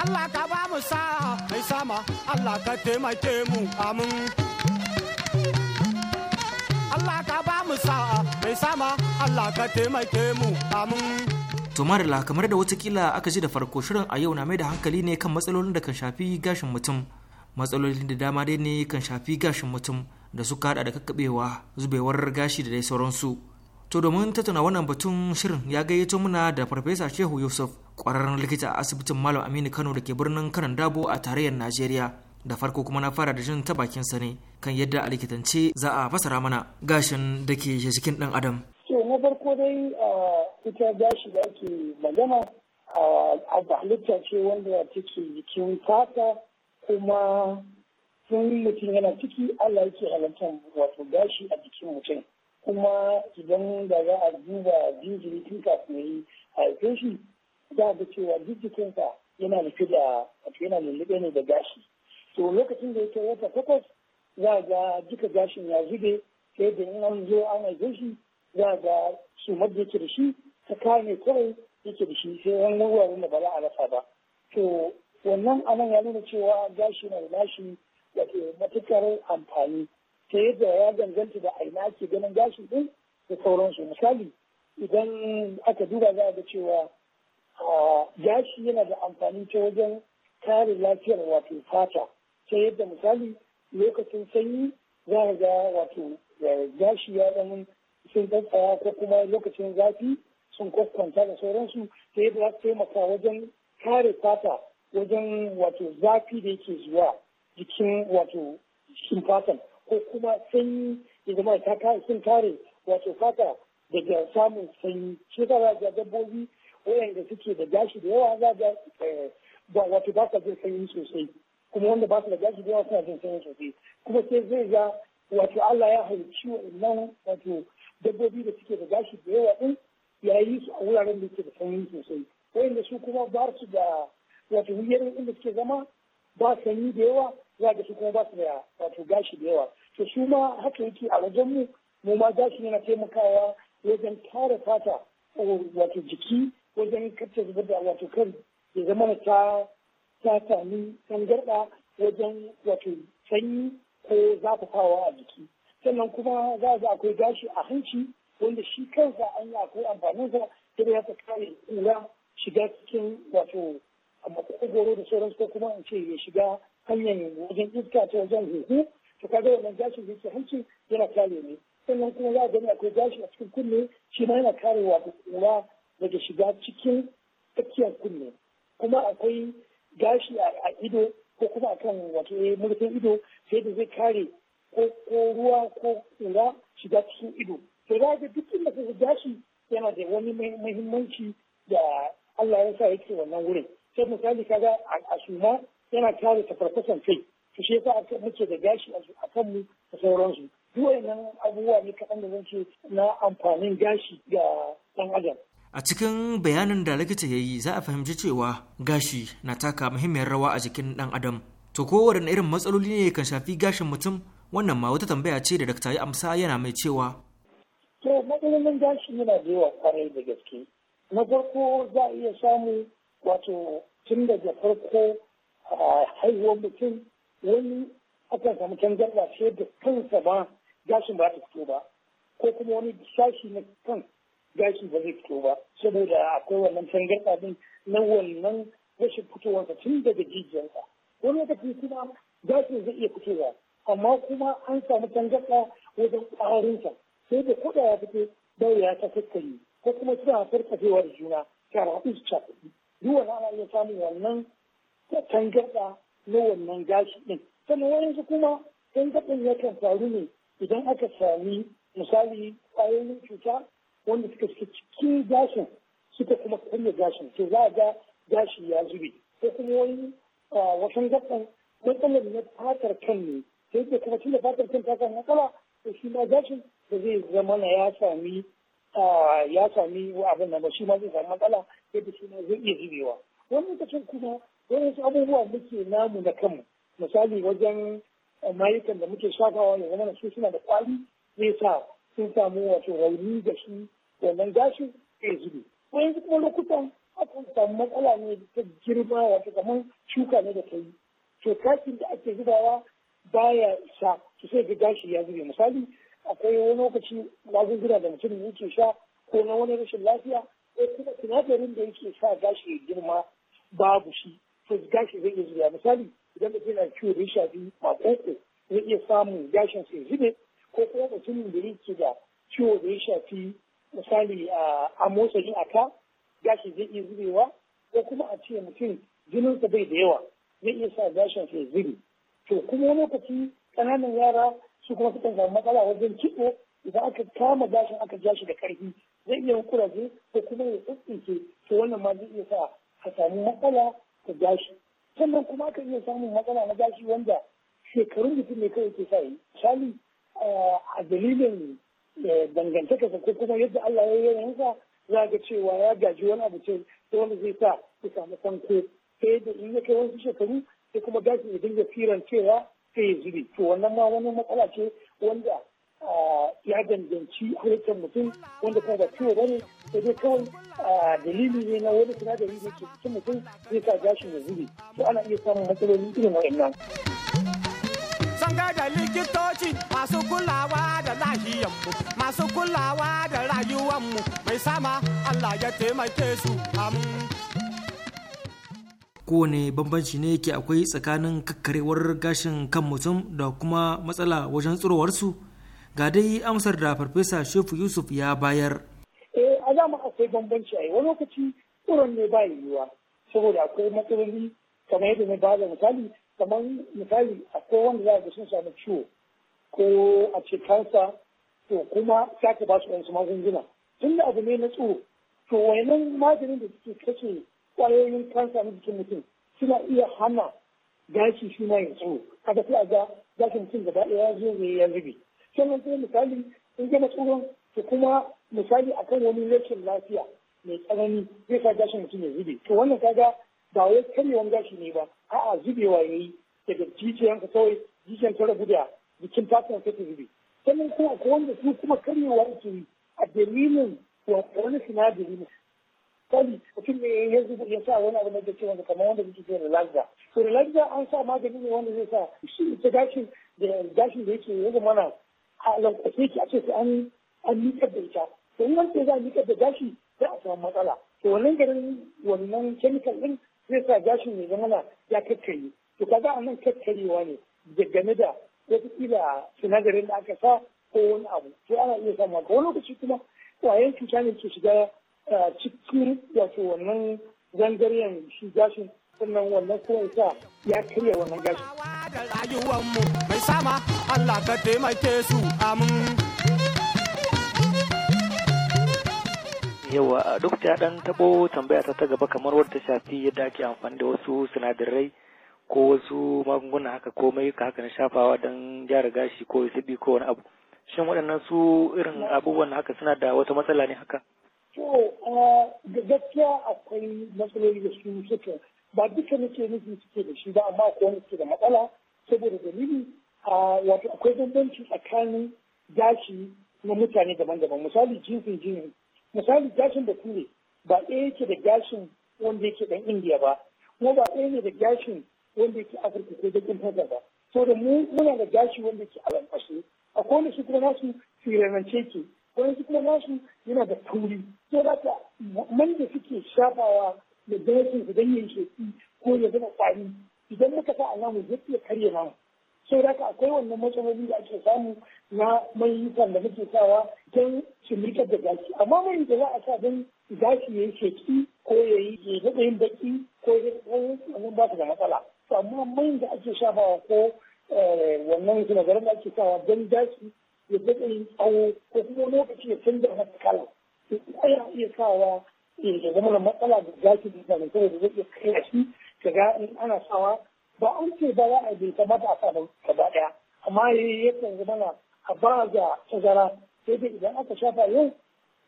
Allah ka ba mu sa'a mai sama Allah ka taimake mu amin Allah ka ba mu sa'a mai sama Allah ka taimake mu amin to kamar da watakila aka ji da farko shirin a yau na mai da hankali ne kan matsalolin da kan shafi gashin mutum matsalolin da dama dai ne kan shafi gashin mutum da suka hada da kakkabewa zubewar gashi da dai sauransu To domin tattauna wannan batun shirin ya gayyato muna da Farfesa Shehu Yusuf ƙwararren likita a asibitin Malam Aminu Kano da ke birnin Kanon Dabo a tarayyar Najeriya. Da farko kuma na fara da jin ta bakin sa ne kan yadda a likitance za a fasara mana gashin da ke jikin ɗan adam. To na farko dai ita gashi da ake magana a halitta ce wanda take jikin fata kuma sun mutum yana ciki Allah yake halartar wato gashi a jikin mutum. kuma idan da za a duba jinjiri tun kafin yi haife shi za a ga cewa duk jikinsa yana rufe da yana ne da gashi to lokacin da yake wata takwas za a ga duka gashin ya zube sai da in an zo an haife shi za a ga su da yake da shi ta kame kawai yake da shi sai wani wuraren da ba za a rasa ba to wannan anan ya nuna cewa gashi na da gashi wato matuƙar matukar amfani ta yadda ya danganta da aina ke ganin gashi din da sauransu misali idan aka duba za a ga cewa gashi yana da amfani ta wajen kare lafiyar wato fata ta yadda misali lokacin sanyi za a ga wato gashi ya ɗan sun tsaya ko kuma lokacin zafi sun kwakwanta da sauransu ta yadda za su taimaka wajen kare fata wajen wato zafi da yake zuwa jikin wato jikin fatan ko kuma sanyi ya zama ta sun kare wato fata daga samun sanyi shi ta za dabbobi da suke da gashi da yawa za ga eh, ba wato ba sa jin sanyi sosai kuma wanda ba su da gashi da yawa suna jin sanyi sosai kuma sai zai ga wato Allah ya halicci wannan wato dabbobi da suke da gashi da yawa din ya yi su a wuraren da suke da sanyi sosai da su kuma ba su da wato wuyar inda suke zama ba sanyi da yawa za ga su kuma ba su da wato gashi da yawa to su ma haka yake a wajen mu mu ma gashi yana taimakawa wajen tara fata wato jiki wajen kacce zubar da wato kan ya zama ta ta sami tangarɗa wajen wato sanyi ko zafafawa a jiki sannan kuma za a akwai gashi a hanci wanda shi kansa an yi akwai sa ta da ya kare kula shiga cikin wato makogoro da sauransu ko kuma in ce ya shiga hanyar wajen iska ta wajen huhu to kaga wannan gashin da yake hanci yana kare ne sannan kuma za a gani akwai gashi a cikin kunne shi ma yana kare wa daga shiga cikin tsakiyar kunne kuma akwai gashi a ido ko kuma akan wato eh, murfin ido sai da zai kare ko ruwa ko kura shiga cikin ido to za ga duk inda kaga gashi yana da wani muhimmanci da Allah ya sa yake wannan wurin sai misali kaga a suma yana kare tafarkasan kai su shi yasa aka muke da gashi a kanmu da sauransu duk wayannan abubuwa ne kaɗan da zan ce na amfanin gashi ga ɗan adam a cikin bayanin da likita ya yi za a fahimci cewa gashi na taka muhimmiyar rawa a jikin ɗan adam to kowane irin matsaloli ne kan shafi gashin mutum wannan ma wata tambaya ce da dakta ya amsa yana mai cewa to matsalolin gashi yana da yawa kwarai da gaske na farko za a iya samu wato tun daga farko a haihuwar mutum wani akan samu canjar sai da kansa ba gashin ba ta fito ba ko kuma wani sashi na kan gashi ba zai fito ba saboda akwai wannan canjar din na wannan rashin fitowarsa tun daga jijiyarsa wani lokaci kuma gashin zai iya fitowa amma kuma an samu tangarɗa wajen ƙwarinsa sai da kuɗa ya fito ya ta kakkari ko kuma suna farfafewar juna ta haɗu su cakuɗi duk wani ana iya samun wannan tangarɗa na wannan gashi ɗin sannan wayansu kuma ya yakan faru ne idan aka sami misali ƙwayoyin cuta wanda suka suke cikin gashin suka kuma karya gashin to za a ga gashi ya zube ko kuma wani wasan gaɓin matsalar na fatar kan ne sai da kuma tun da fatar kan ta kan matsala to shi ma gashin da zai zama na ya sami ya sami abin nan ba shi ma zai sami matsala yadda shi ma zai iya zubewa wani lokacin kuma wasu abubuwa muke namu na kanmu misali wajen eh, mayukan da muke shafawa ya zama su suna da kwali zai sa sun samu wato rauni da shi wannan gashi ya zube ko yanzu kuma lokutan akan samu matsala ne ta girma wato kamar shuka ne da ta yi to kafin da ake zubawa baya sa su sai ga gashi ya zube misali akwai wani lokaci magunguna da mutum yake sha ko na wani rashin lafiya ko kuma sinadarin da yake sa gashi ya girma babu shi to gashi zai iya zuwa misali idan mutum yana ciwo da ya shafi makoko zai iya samun gashin sai zube ko kuma mutumin da yake da ciwo da ya shafi misali a motsa jin ka gashi zai iya zubewa ko kuma a ce mutum jininsa bai da yawa zai iya sa gashin sai zube to kuma wani lokaci ƙananan yara su kuma sukan samu matsala wajen kiɗo idan aka kama gashin aka ja shi da ƙarfi zai iya kuraje ko kuma ya tsintsinke to wannan ma zai iya sa a samu matsala ta gashi sannan kuma ka iya samun matsala na gashi wanda shekarun mutum ne kawai ke sa yi eh, a dalilin eh, sa ko kuma yadda Allah ya yi yansa za ga cewa ya gaji wani abu ce wani zai sa ya samu sanko sai da in ya kai wasu shekaru sai kuma gashi ya dinga firan cewa sai ya zube to wannan ma wani matsala ce wanda ya danganci halittar mutum wanda kuma ba ciwo ba ne sai dai kawai dalili ne na wani sinadari da ke cikin mutum zai sa gashi ya zube to ana iya samun matsaloli irin wa'annan. da likitoci masu kulawa da lahiyanmu masu kulawa da rayuwanmu mai sama Allah ya taimake su kowane bambanci ne ke akwai tsakanin kakkarewar gashin kan mutum da kuma matsala wajen tsirowarsu? su ga dai amsar da farfesa shefu yusuf ya bayar eh a zama akwai bambanci a wani lokaci tsoron ne ba yiwuwa saboda akwai matsaloli kamar yadda na bada misali kamar misali akwai wanda za ga sun samu ciwo ko a ce kansa to kuma sake ba su wasu magunguna tun da abu ne na tsoro to wayannan maganin da suke kashe kwayoyin kansa na jikin mutum suna iya hana gashi shi ma ya tsoro kada sai a ga gashin mutum gaba ɗaya ya zo ya zube sannan kuma misali in gama tsoron to kuma misali akan wani rashin lafiya mai tsanani zai sa gashin mutum ya zube to wannan kaga ba wai karyewan gashi ne ba a'a zubewa ya yi daga ka kawai jijiyan ta rabu da jikin fatan ka ta zube sannan kuma ko wanda su kuma karyewa yake yi a dalilin wani sinadari ne misali mutum ne ya zuba ya sa wani abu na da cewa kamar wanda muke ce relaxer to relaxer an sa magani ne wanda zai sa shi ita gashin da gashin da yake zama na. a lankwashe ki a ce sai an an da ita to in wanda za a miƙar da gashi za a samu matsala to wannan garin wannan chemical din zai sa gashin mai zamana ya kakkare to kaga a nan tattarewa ne game da wataƙila sinadarin da aka sa ko wani abu sai ana iya samu ga wani lokaci kuma ƙwayan cuta ne ke shiga eh, cikin wato wannan zangaren shi gashin sannan wannan kuwan sa ya karya wannan gashi. da rayuwanmu mai sama Allah ka taimake su amin. yawa duk ta dan tabo tambaya ta ta gaba kamar wadda shafi yadda ake amfani da wasu sinadarai ko wasu magunguna haka ko ka haka na shafawa don gyara gashi ko sibi ko wani abu shin waɗannan su irin abubuwan haka suna da wata matsala ne haka to da gaskiya akwai matsaloli da su suka ba duka nake nufi suke da shi ba amma ko wani suke da matsala saboda dalili a wato akwai bambanci tsakanin gashi na mutane daban-daban misali jinsin jini misali gashin da kure ba ɗaya yake da gashin wanda yake ɗan indiya ba kuma ba ɗaya ne da gashin wanda yake afirka ko da fata ba so da mu muna da gashi wanda yake a lankwashe akwai wanda su kuma nasu firanance ke wani su kuma nasu yana da tauri so da ka man da suke shafawa da dokin su dan yin ko ya zama kwari idan muka sa alamu zai iya karye ma sau da akwai wannan matsaloli da ake samu na mayukan da muke sawa don shimrikar da gashi amma mai da za a sa don gashi ya yi sheki ko ya yi daɗa yin baki ko ya daɗa wannan ba su da matsala to amma mai da ake shafawa ko eh, wannan sinadaran da ake sawa don gashi ya daɗa yin tsawo ko kuma lokaci ya canza masa kala iya sawa ya zama da matsala da zaki da mutane saboda zai iya kai shi ka ga in ana sawa ba an ce ba za a bai kamata a gaba daya amma yakan zama na a ba ga tazara sai dai idan aka shafa yau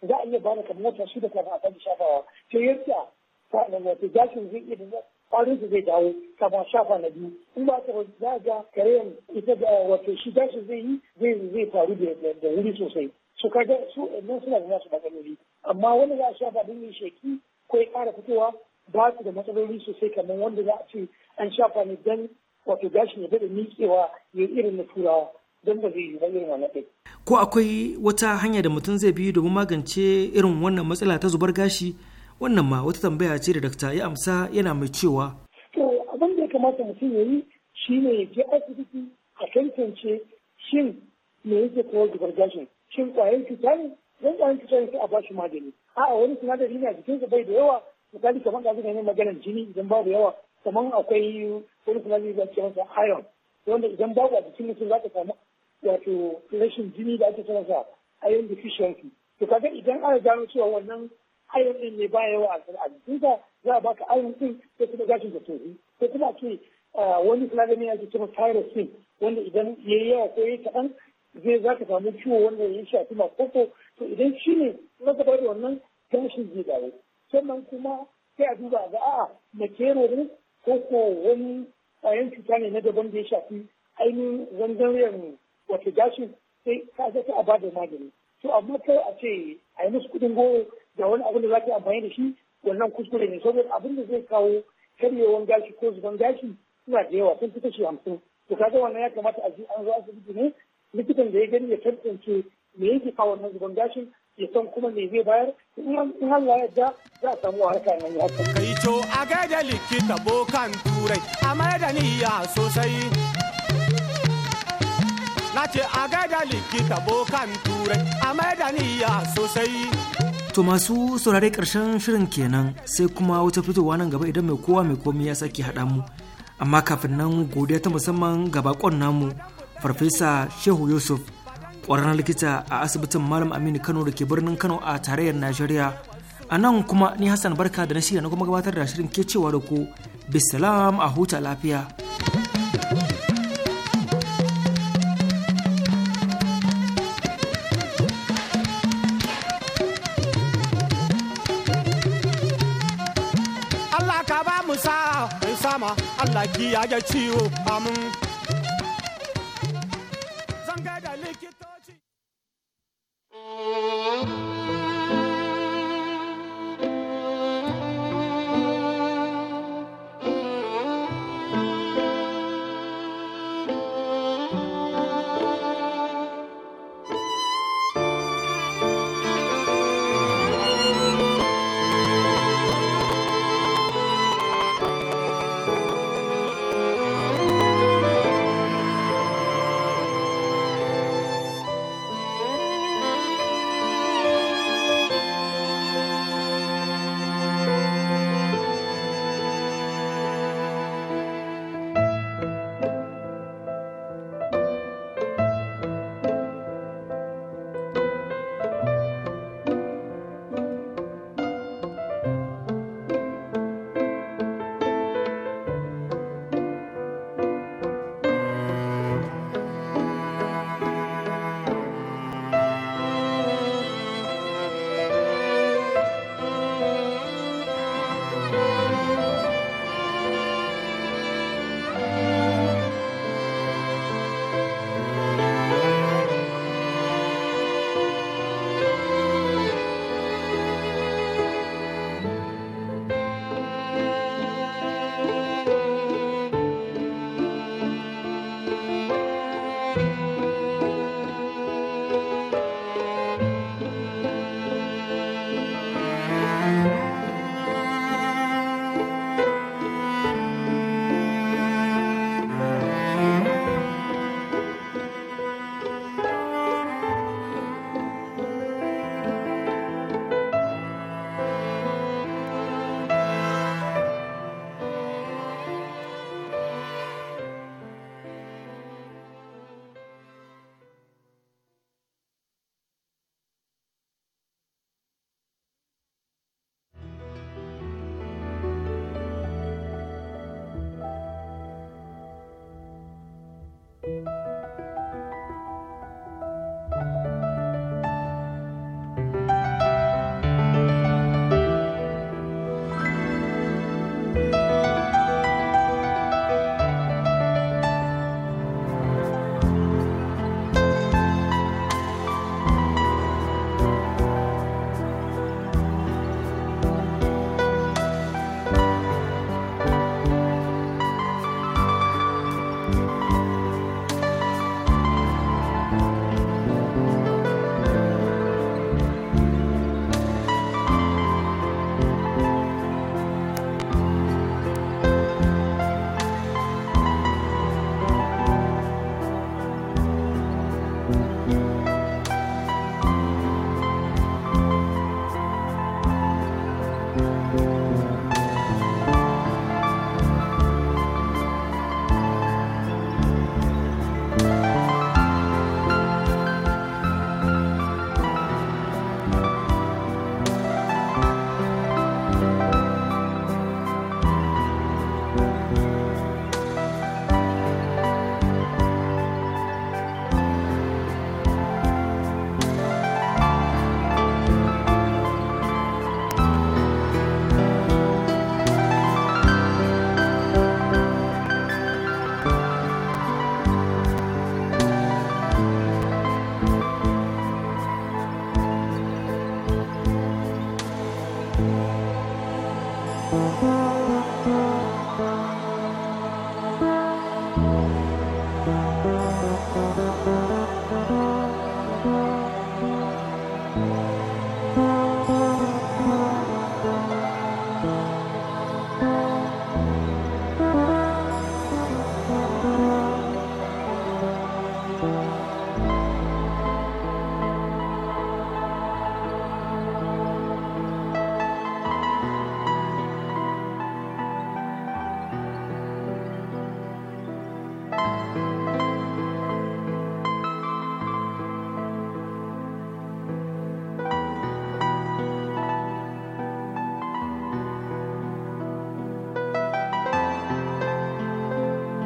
za a iya ba da kamar wata shida kafin a sake shafawa sai yadda sa'an wato gashin zai iya da kwarin su zai dawo kafin shafa na biyu in ba ka za a ga karen ita da wato shi gashin zai yi zai faru da wuri sosai su kaga su nan suna da nasu matsaloli amma wani za a shafa abin yin sheki ko ya kara fitowa ba su da matsaloli sosai kamar wanda za a ce an shafa ne don wato gashi ya daɗa miƙewa ya irin na turawa don ba zai yi ba irin wannan ɗin. Ko akwai wata hanya da mutum zai bi domin magance irin wannan matsala ta zubar gashi wannan ma wata tambaya ce da dakta ya amsa yana mai cewa. To abin da ya kamata mutum ya yi shi ne ya je asibiti a tantance shin me yake kawo zubar gashin shin ƙwayar cuta ne yan an fito sai a ba shi magani a'a wani sinadari ne a jikinsa bai da yawa misali kamar da zuka ne maganar jini idan babu yawa kamar akwai wani sinadari da ake masa iron wanda idan babu a jikin mutum za ka samu wato rashin jini da ake sanarsa iron deficiency to kaga idan ana gano cewa wannan iron din ne baya yawa a sa za a baka iron din sai kuma gashin da tofi sai kuma ce wani sinadari ne ake cewa thyroxine wanda idan ya yi yawa ko ya yi kaɗan zai za ka samu ciwo wanda ya shafi makoko to idan shi ne na gaba da wannan gashin zai dawo sannan kuma sai a duba ga a'a kero ne ko ko wani ƙwayan cuta ne na daban da ya shafi ainihin ne wata gashin sai ka ga ta a da magani to amma kai a ce a yi musu kuɗin goro da wani abin da za ka amfani da shi wannan kuskure ne saboda abin da zai kawo karyewan gashi ko zuban gashi suna da yawa sun fi kashi hamsin to kaga wannan ya kamata a ji an zo asibiti ne likitan da ya gani ya tantance me yake kawo wannan zuban gashin ya san kuma me zai bayar in Allah ya da za a samu harka nan ya ta Kai to a da likita bokan turai a da niyya sosai. Na ce a da likita bokan turai a mai da niyya sosai. To masu saurare ƙarshen shirin kenan sai kuma wata fitowa nan gaba idan mai kowa mai komi ya sake haɗa mu. Amma kafin nan godiya ta musamman ga bakon namu Farfesa Shehu Yusuf ƙwararren likita a asibitin malam aminu kano da ke birnin kano a tarayyar najeriya a nan kuma ni hassan barka da na shirya na kuma gabatar da shirin ke cewa da ku bisalam a huta lafiya Allah ka ba mu sa sama Allah ki ya ciwo amin